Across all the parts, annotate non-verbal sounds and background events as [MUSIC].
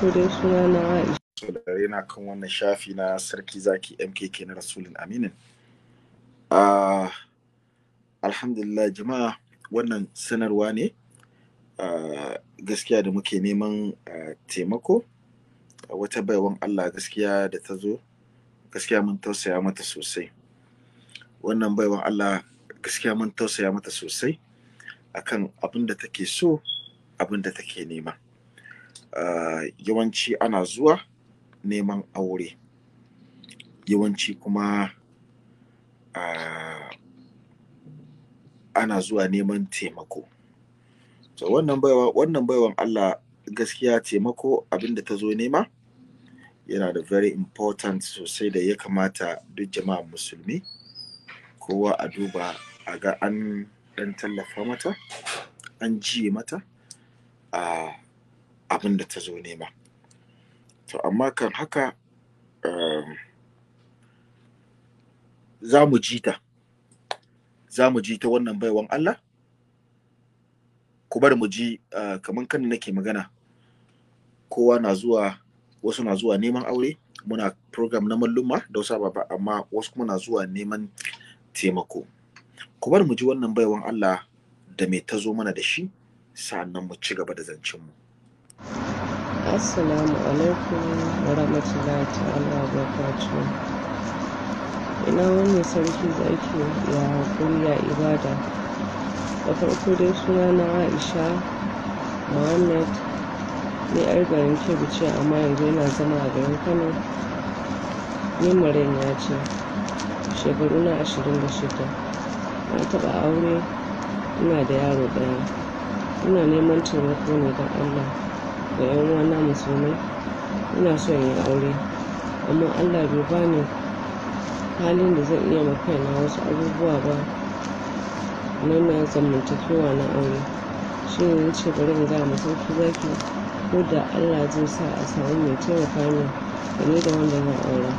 farko dai suna na Aisha. kan wannan shafi na Sarki Zaki MKK na Rasulun Aminin. Uh, alhamdulillah jama'a wannan sanarwa ne ah, gaskiya da muke neman ah, taimako wata baiwan Allah gaskiya da ta zo gaskiya mun tausaya mata sosai wannan baiwan Allah gaskiya mun tausaya mata sosai akan abin da take so abin da take nema. yawanci ana zuwa neman aure yawanci kuma ana zuwa neman taimako so wannan baiwa wannan baiwan Allah gaskiya taimako abinda ta zo nema yana da very important sosai da ya kamata duk jama'a musulmi kowa a duba a ga an dan tallafa mata an jiye mata a abin da ta zo nema to amma kan haka um, za mu ji ta za mu ji ta wannan baiwan Allah ku bar mu ji uh, kamar kan nake magana kowa na zuwa wasu na zuwa neman aure muna program na malluma da wasu ababa amma wasu kuma na zuwa neman taimako ku bar mu ji wannan baiwan Allah da me ta zo mana da shi nan mu ci gaba da zancen mu Assalamu alaikum wa rahmatullahi ta'ala wa barakatuhu. Ina wani sarki zaki ya haƙuri ibada. Da farko dai suna na Aisha Muhammad ni yar garin Kebbi amma yanzu ina zama a garin Kano. Ni ya ce shekaru na ashirin da shida. Na taɓa aure ina da yaro ɗaya. Ina neman taimako ne don Allah. da yan uwana musulmai ina so in aure amma allah bai bani halin da zan iya ma kaina wasu abubuwa ba na na zamantakewa na aure shi ne na bari in gaya mu sauki zaki ko da allah zai sa a samu mai taimaka min da ni da wanda zan aura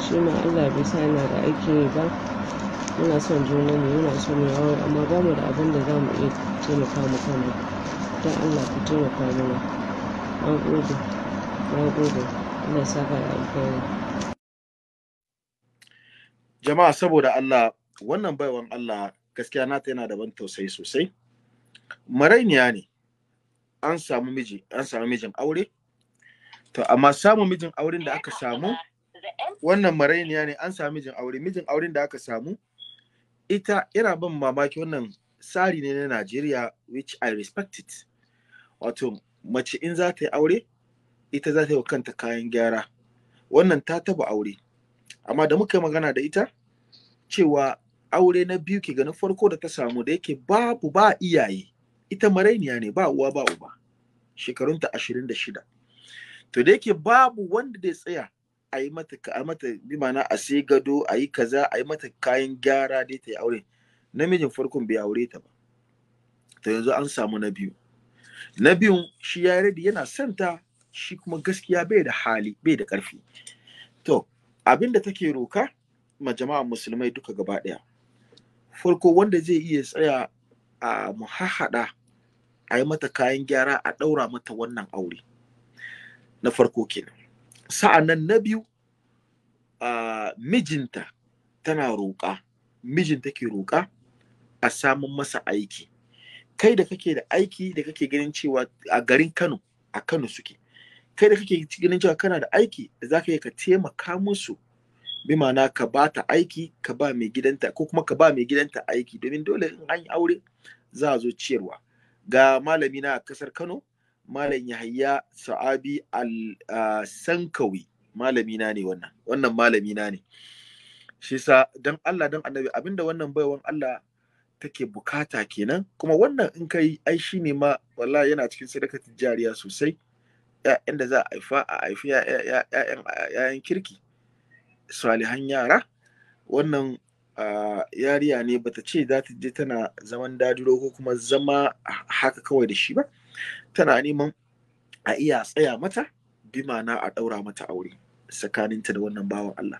shi ma allah bai sa yana da aiki yi ba muna son juna ne, yana so mu aure amma ba da abin da za mu iya taimaka mu kanmu don allah ku taimaka mana na gode na gode ina saka da alkhairi jama'a saboda Allah wannan baiwan Allah gaskiya nata yana da ban tausayi sosai marainiya ne an samu miji an samu mijin aure to amma samun mijin auren da aka samu wannan marainiya ne an samu mijin aure mijin auren da aka samu ita ina ban mamaki wannan tsari ne na Najeriya which I respect it wato mace in za ta yi aure ita za ta yi wa kanta kayan gyara wannan ta taba aure amma da muka yi magana da ita cewa aure na biyu ke ganin farko da ta samu da yake babu ba iyaye ita marainiya ne ba uwa ba uba shekarunta ashirin da shida to da yake babu wanda da tsaya a yi mata ka mata bi mana a sai gado a yi kaza a yi mata kayan gyara dai ta yi aure namijin farkon bai aure ta ba to yanzu an samu na biyu na biyun shi ya rade yana santa shi kuma gaskiya bai da hali bai da ƙarfi to abin da take roka ma jama'a musulmai duka gaba ɗaya farko wanda zai iya tsaya a muhahada a yi mata kayan gyara a ɗaura mata wannan aure na farko kenan nan na biyu a mijinta tana roƙa mijin take roƙa a samun masa aiki kai da kake da aiki da kake ganin cewa a garin Kano a Kano suke kai da kake ganin cewa kana da aiki da zaka yi ka taimaka musu bi ma'ana ka ba ta aiki ka ba mai gidanta ko kuma ka ba mai gidanta aiki domin dole in an yi aure za a zo ciyarwa ga malami na kasar Kano malam Yahaya Sa'abi al-Sankawi malami na ne wannan wannan malami na ne shi sa dan Allah dan Annabi abinda wannan baiwan Allah take bukata kenan kuma wannan in ka yi ai shi ne ma wallahi yana cikin sadaka jariya sosai ‘ya'yan da za a haifa a haifi ‘ya'yan kirki salihan yara wannan yariya ne bata ce za ta je tana zaman dadiro ko kuma zama haka kawai da shi ba tana neman a iya tsaya mata bi ma'ana a ɗaura mata aure tsakaninta da wannan bawan Allah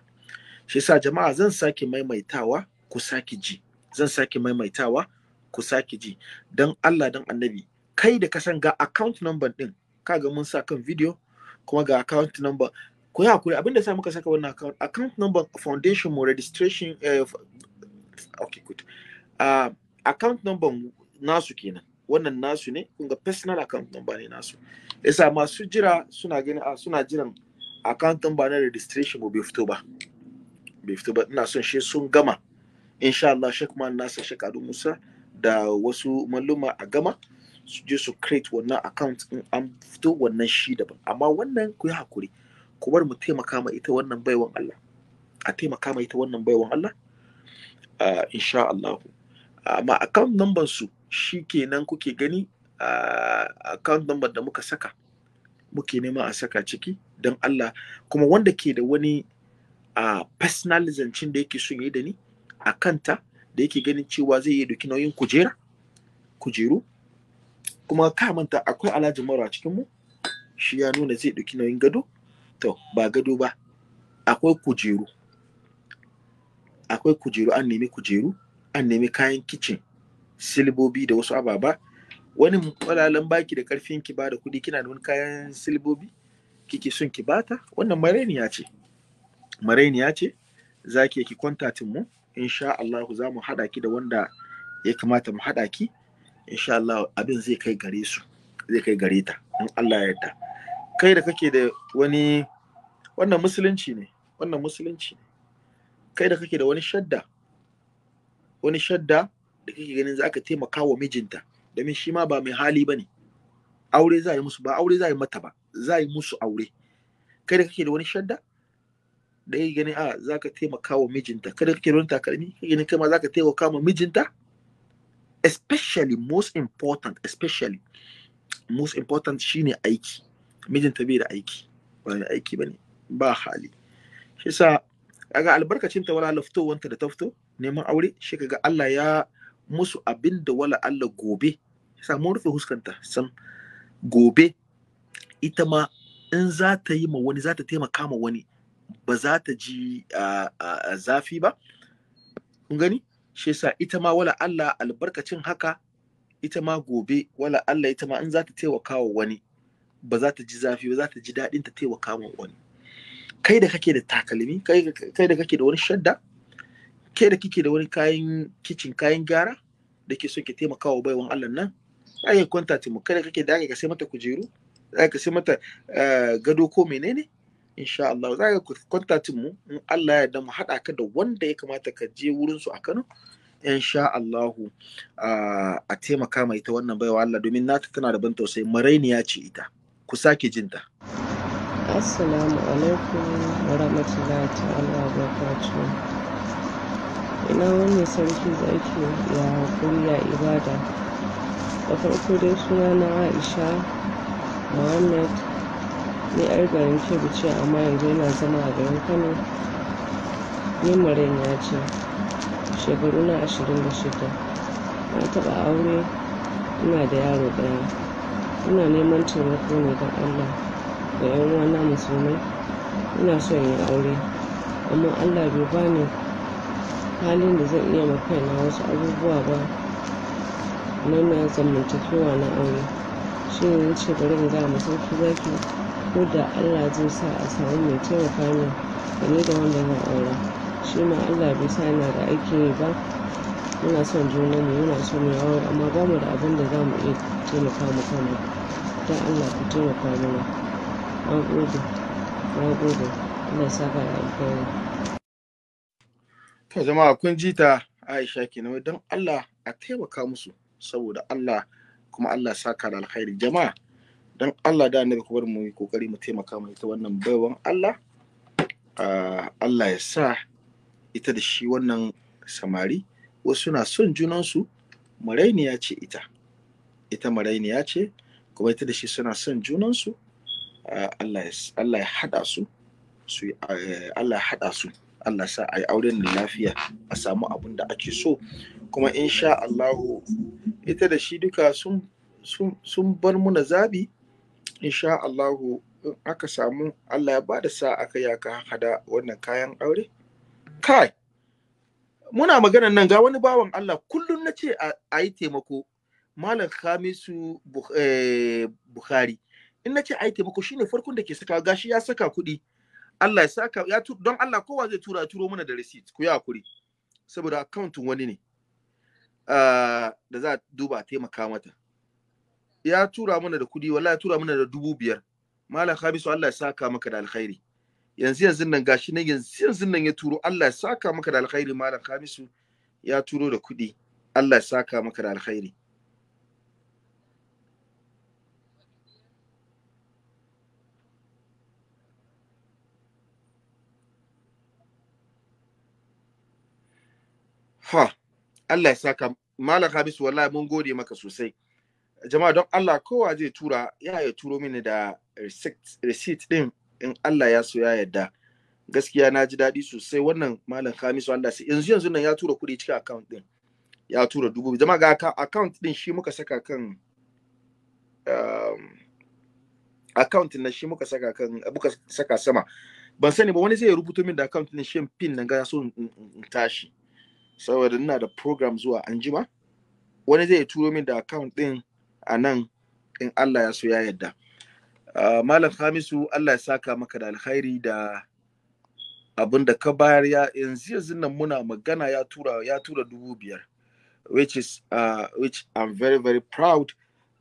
shi sa jama'a zan sake maimaitawa ku sake ji zan sake maimaitawa ku sake ji don Allah don annabi kai da kasan ga account number din kaga mun sa kan video kuma ga account number ku yi hakuri abinda sa muka saka wannan account account number foundation mu registration eh, okay good uh, account number nasu kenan wannan nasu ne kun ga personal account number ne nasu yasa masu jira suna gani a ah, suna jiran account number na registration mu bai fito ba bai fito ba ina son shi sun gama insha Allah Sheikh Man Nasir Sheikh Adu Musa da wasu maluma a gama su je su create wannan account in an fito wannan shi daban amma wannan ku yi hakuri ku bar mu taimaka ma ita wannan baiwan Allah a taimaka ma ita wannan baiwan Allah uh, insha Allah amma account number su shi kenan kuke gani uh, account number da muka saka muke nema a saka ciki don Allah kuma wanda ke da wani uh, personal da yake son yi da ni a kanta da yake ganin cewa zai yi doki nauyin kujera kujeru kuma ka manta akwai alhaji mara a cikin mu shi ya nuna zai doki nauyin gado to ba gado ba akwai kujeru akwai kujeru an nemi kujeru an nemi kayan kicin silbobi da wasu ababa wani kwalalan baki da karfin ki bada kudi kina da wani kayan silbobi kike son ki bata wannan mareniya ce mareniya ce za ki kwanta mu insha Allah za mu haɗa ki da wanda ya kamata mu haɗa ki insha Allah abin zai kai gare su zai kai gare ta in Allah ya yarda kai da kake da wani wannan musulunci ne wannan musulunci ne kai da kake da wani shadda wani shadda da kake ganin za ka taimaka wa mijinta domin shi ma ba mai hali ba ne aure za a yi musu ba aure za a yi mata ba za a yi musu aure kai da kake da wani shadda da ya gani a za ka taimaka wa mijinta kada kake don takalmi ka gani ma za ka taimaka wa mijinta especially most important especially most important shine aiki mijinta bai da aiki ba ne aiki ne ba hali shi sa kaga albarkacin ta wala wanta da tafto neman aure shi kaga Allah ya musu abin da wala Allah gobe sa mun rufe huskanta san gobe ita ma in za ta yi ma wani za ta taimaka ma wani ba za ta ji zafi ba kun gani shi yasa ita ma wala Allah albarkacin haka ita ma gobe wala Allah ita ma in za ta taimaka wa wani ba za ta ji zafi ba za ta ji daɗin ta taimaka wa wani kai da kake da takalmi kai da kake da wani shadda kai da kike da wani kayan kicin kayan gyara da ke so ki taimaka wa baiwan Allah nan ai kwanta ta mu kai da kake da ka sai mata kujeru ai ka sai mata eh, gado ko menene insha Allah za ka kontatin mu in Allah ya yarda mu haɗa ka da wanda ya kamata ka je wurin su a Kano insha Allah a taimaka mai ita wannan baiwa Allah domin na tana da ban tausayi marainiya ce ita ku sake ta Assalamu alaikum wa rahmatullahi ta'ala wa barakatuh ina wani sarki zaki ya kuriya ibada da farko dai suna na Aisha Muhammad ni yar garin ke ce amma yanzu yana zama a garin kano Ne marin ya ce shekaru na ashirin da shida na taɓa aure ina da yaro ɗaya ina neman taimako ne don allah da yan uwana musulmai ina son yin aure amma allah bai bani halin da zan iya ma kaina wasu abubuwa ba na na zamantakewa na aure shi ne ce bari in gaya masauki zaki ko da allah zai sa a samu mai taimaka min da ni da wanda na aure, shi ma allah bai sa yana da aikin yi ba muna son juna ne muna son mu aure amma ba mu da abin da za mu iya taimaka mu kanmu don allah ku taimaka mana na gode na gode allah saka da alkhairi to jama'a kun ji ta aisha kenan don allah a taimaka musu saboda allah kuma allah saka da alkhairi jama'a don Allah da annabi kuma mu yi kokari mu taimaka mai ita wannan baiwan Allah ah, Allah ya sa ita da shi wannan samari wasu na son junansu marainiya ce ita ita marainiya ce kuma ita da shi suna son junansu ah, eh, Allah ya haɗa su Allah ya haɗa su Allah sa a yi auren da lafiya a samu abin da ake so kuma insha Allahu ita da shi duka sun bar muna zabi insha Allahu in aka samu Allah ya bada sa aka ya aka hada wannan kayan aure kai muna magana nan ga wani bawan Allah kullum nace ce a yi taimako malam Khamisu eh, Bukhari in nace ce a yi taimako shine farkon da ke saka gashi ya saka kuɗi Allah ya saka ya don Allah kowa zai tura turo mana da receipt ku yi hakuri saboda akauntin wani ne ah, da za a duba taimaka mata ya tura mana da kudi wallahi ya tura mana da dubu biyar malam khabisu Allah ya saka maka da alkhairi yanzu yanzu nan gashi nan yanzu yanzu nan ya turo Allah ya saka maka da alkhairi malam khabisu ya turo da kudi Allah ya saka maka da alkhairi ha Allah ya saka mala khabisu wallahi mun gode maka sosai jama'a don Allah kowa zai tura ya ya turo mini da receipt din in Allah ya so ya yadda. gaskiya na ji daɗi sosai wannan malam Kamisu Allah sai yanzu yanzu nan ya tura kuɗi cikin account din ya tura dubu jama'a ga account din shi muka saka kan um, account na shi muka saka kan muka saka sama ban sani ba wani zai rubuto min da account din shi pin nan ga so in tashi saboda ina da program zuwa anjima wani zai turo min da account din a nan in Allah ya so ya yadda ah, malam hamisu Allah ya saka maka da alkhairi da abin da ka bayar ya yanzu yanzu nan muna magana ya tura ya tura dubu biyar which is uh, which I'm very very proud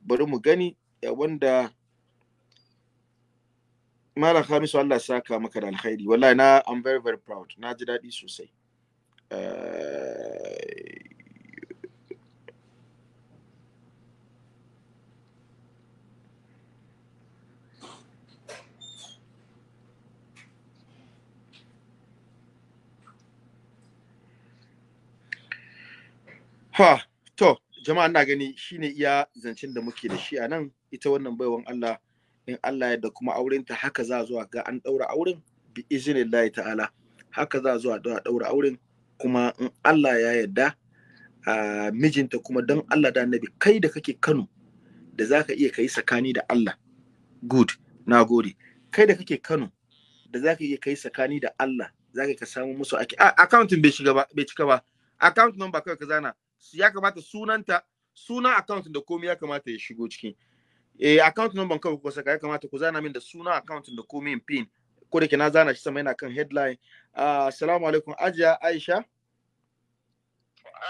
bari mu gani eh, wanda Malam Hamisu Allah ya saka maka da alkhairi wallahi na I'm very very proud na ji daɗi sosai ah, Ha, to, jama'a na gani shine iya zancen da muke da shi a nan ita wannan baiwan Allah in Allah ya da kuma aurenta haka za zuwa ga an daura auren bi iznillahi ta'ala haka za zuwa da daura auren kuma in Allah ya yarda a mijinta kuma don Allah da annabi kai da kake Kano da zaka iya kai sakani da Allah good na gode kai da kake Kano da zaka iya kai sakani da Allah zaka ka samu musu accounting bai shiga ba bai cika ba account number kawai ka zana ya kamata sunanta suna account da komai ya kamata ya shigo ciki eh account number kawai ku saka ya kamata ku zana min da suna account da komai in pin ko da ke na zana shi sama yana kan headline uh, alaikum ajiya aisha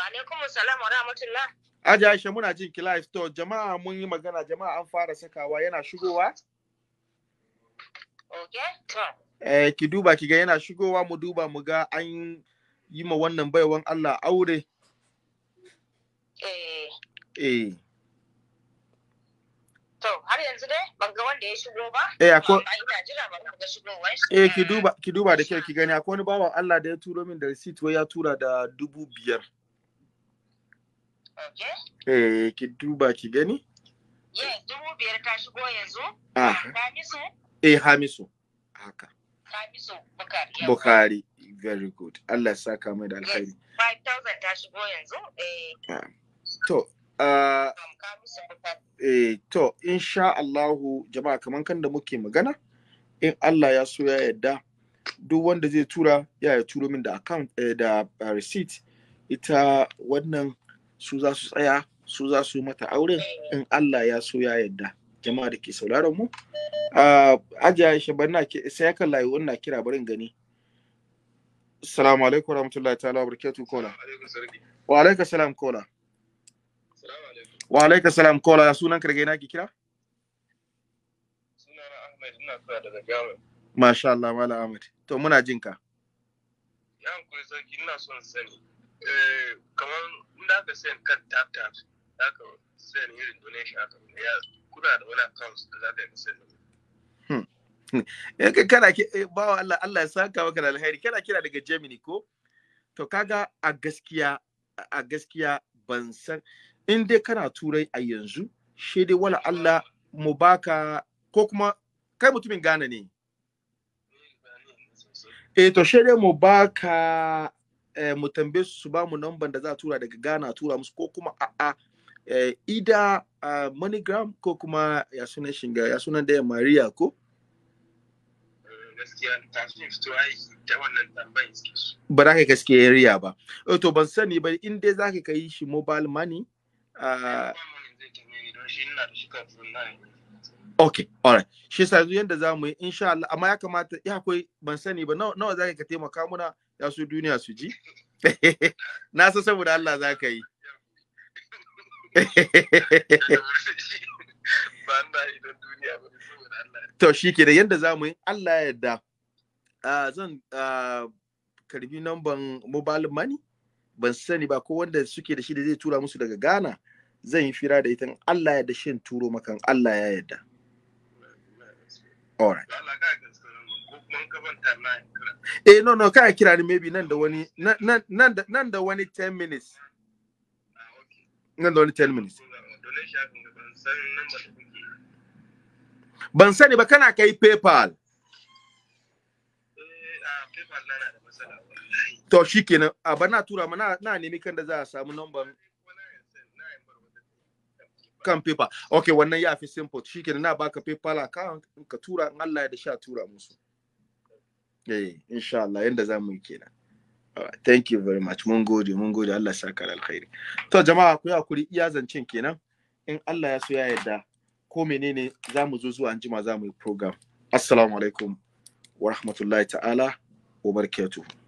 alaikum assalam wa rahmatullah ajiya aisha muna jin ki live to jama'a mun yi magana jama'a an fara sakawa yana shigowa okay to eh ki duba ki ga yana shigowa mu duba mu ga an yi ma wannan baiwan Allah aure eh eh to har yanzu dai ban ga wanda ya shigo ba eh akwai ina jira ban ga shigowar eh ki duba ki duba da kyau ki gani akwai wani bawan Allah da ya turo min da receipt wai ya tura da dubu biyar Okay. Eh, ki duba ki gani? Yes, dubu biyar ta shigo yanzu. Ah. Hamisu? Eh, Hamisu. Haka. Hamisu Bukari. Bukari. Very good. Allah ya saka mai da alkhairi. Yes, 5,000 ta shigo yanzu. Eh. Ah. to uh, eh, to insha Allahu jama'a kaman kan da muke magana in Allah ya so ya yadda duk wanda zai tura ya ya turo min da account eh, da uh, receipt ita wannan su za su tsaya su za su mata auren in Allah ya so ya yadda jama'a da ke sauraron mu uh, ajiya banna ke sai kan layi wannan kira barin gani assalamu alaikum warahmatullahi ta'ala wa barakatuh kola wa alaikum salam kola wa alaika salam kola ya sunan karge na ki kira sunan ahmed ina kira daga jami'a masha Allah mala ahmed to muna jin ka ya hankuri sarki ina son sani eh kamar inda aka sayan kan tap tap aka sayan irin donation aka ya kuna da wani accounts da za ka yi sayan hmm. eh, in kana eh, bawa Allah Allah ya saka maka da alheri kana kira daga Germany ko to kaga a gaskiya a gaskiya ban san in dai kana turai a yanzu shi dai wala Allah mu baka ko kuma kai mutumin Ghana ne eh to shi dai mu baka eh, mu tambaye su ba mu namban da za a tura daga Ghana tura musu ko kuma a eh, ida uh, MoneyGram ko kuma ya sunan shinga ya sunan da Maria ko ba za ka gaskiya riya ba eh to ban sani ba in dai za ka yi shi mobile money Ah. Ok, alright. Shi yasa yanzu yadda za mu yi insha Allah amma ya kamata ya akwai ban sani ba nawa za ka taimaka muna ya su duniya su ji. [LAUGHS] Na san saboda Allah za ka yi. [LAUGHS] To shi ke da yadda za mu yi Allah ya yarda. Ah, zan ah, karbi namban mobile money? ban sani ba ko wanda suke da shi da zai tura musu daga Ghana zan yi fira da ita Allah ya da shin turo makan Allah ya yarda alright eh no no kai kira ni maybe nan da wani nan da wani 10 minutes ah, nan da wani 10 minutes ban sani ba kana kai PayPal eh a ah, PayPal na To shi kenan, a ba na tura mana na nemi kan da za a samu number kan paper. Ok, wannan ya fi simple. Shi kenan na baka paper account ka tura in Allah ya da sha tura musu. Eh, insha Allah yanda za mu yi kenan. Thank you very much. Mun gode, mun gode Allah ya saka alkhairi. To jama'a ku ya kuri iya zancin kenan. In Allah ya so ya yarda ko menene za mu zo zuwa anjima za mu yi program. Assalamu alaikum wa rahmatullahi ta'ala wa barakatuh.